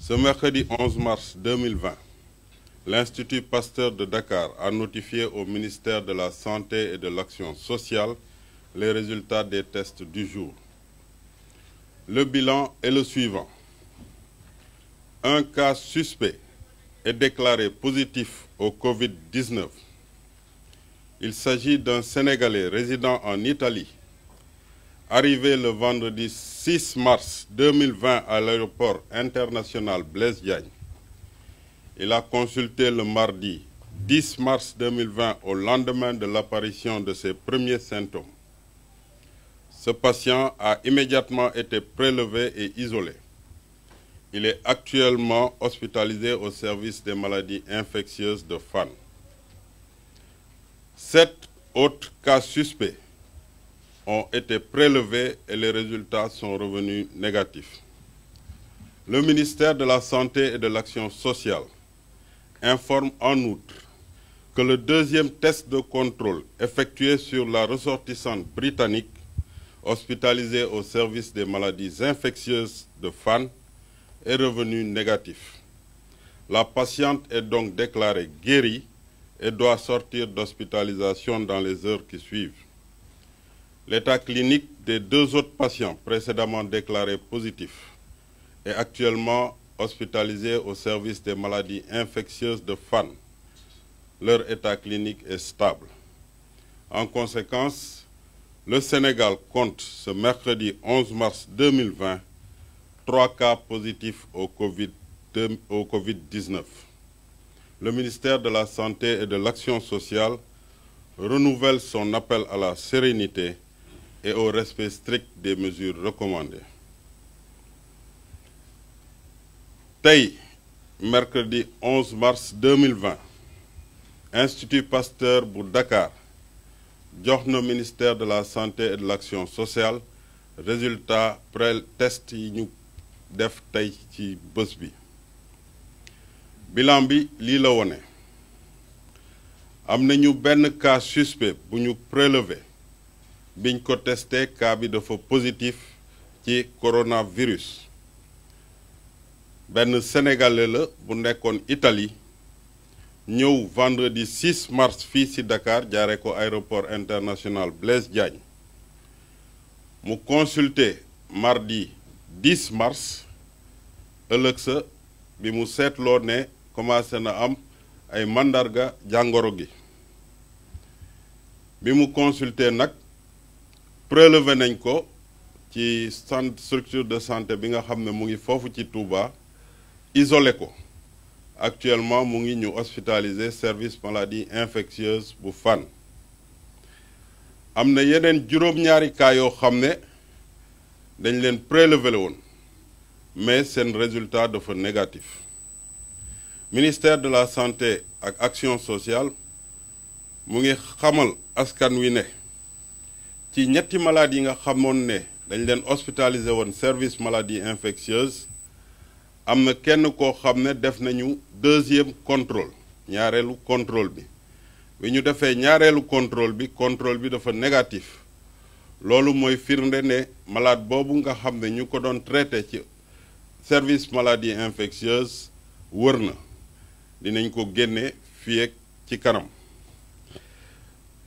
Ce mercredi 11 mars 2020, l'Institut Pasteur de Dakar a notifié au ministère de la Santé et de l'Action sociale les résultats des tests du jour. Le bilan est le suivant. Un cas suspect est déclaré positif au Covid-19. Il s'agit d'un Sénégalais résident en Italie, arrivé le vendredi 6 mars 2020 à l'aéroport international Blaise Diagne. Il a consulté le mardi 10 mars 2020 au lendemain de l'apparition de ses premiers symptômes. Ce patient a immédiatement été prélevé et isolé. Il est actuellement hospitalisé au service des maladies infectieuses de Fann. Sept autres cas suspects ont été prélevés et les résultats sont revenus négatifs. Le ministère de la Santé et de l'Action sociale informe en outre que le deuxième test de contrôle effectué sur la ressortissante britannique hospitalisée au service des maladies infectieuses de Fann et revenus négatifs. La patiente est donc déclarée guérie et doit sortir d'hospitalisation dans les heures qui suivent. L'état clinique des deux autres patients précédemment déclarés positifs est actuellement hospitalisé au service des maladies infectieuses de Fann. Leur état clinique est stable. En conséquence, le Sénégal compte ce mercredi 11 mars 2020 trois cas positifs au Covid, au Covid-19. Le ministère de la Santé et de l'Action sociale renouvelle son appel à la sérénité et au respect strict des mesures recommandées. tey mercredi 11 mars 2020 Institut Pasteur bu Dakar jox na ministère de la santé et de l'action sociale résultat pré test def tey ci bés bi bilan bi lii la wone am nañu benn cas suspect bu ñu prélevé biñ ko testé kaa bi dafa positif ci coronavirus benn sénégalais la bu nekkoon Italie ñëw vendredi 6 mars fii ci Dakar jaare ko aéroport international Blaise Diagne mu consulté mardi 10 mars ëllëg sa bi mu seetloo ne commencé na am ay màndarga jàngoro gi bi mu consulter nag prélevé nañ ko ci centre structure de santé bi nga xam ne mu ngi foofu ci Touba isole ko actuellement mu ngi ñu hospitalisé service maladie infectieuse bu Fann am na yeneen juróom-ñaari cas yoo xam ne dañ leen prélever la woon mais seen résultat dafa négatif ministère de la santé ak action sociale mu ngi xamal askan wi ne ci ñetti malades yi nga xamoon ne dañ leen hospitalisé woon service maladie infectieuse am na kenn koo xam ne def nañu deuxième contrôle ñaareelu contrôle bi bi ñu defee ñaareelu contrôle bi contrôle bi dafa négatif loolu mooy firnde ne malade boobu nga xam ne ñu ko doon traité ci service maladie infectieuse wër na dinañ ko génne fii ci kanam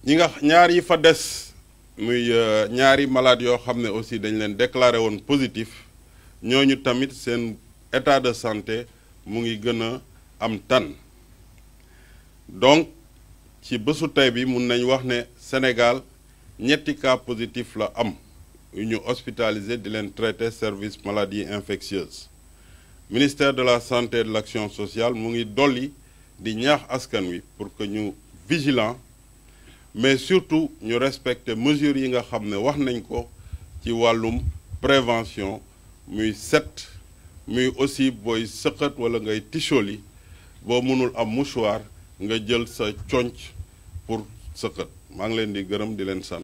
ñi nga ñaar yi fa des muy euh, ñaari malade yoo xam ne aussi dañ leen déclaré woon positif ñooñu tamit seen état de santé mu ngi gën a am tan donc ci bésu tey bi mun nañ wax ne Sénégal ñetti cas positif la am yu ñu hospitalisé di leen traité service maladie infectieuse ministère de la santé de l'action sociale mu ngi dolli di ñaax askan wi pour que ñu vigilant mais surtout ñu respecter mesures yi nga xam ne wax nañ ko ci wàllum prévention muy set muy aussi booy sëqat wala ngay ticholi boo mënul am mouchoir nga jël sa conc pour sëqat maa ngi leen di gërëm di leen sant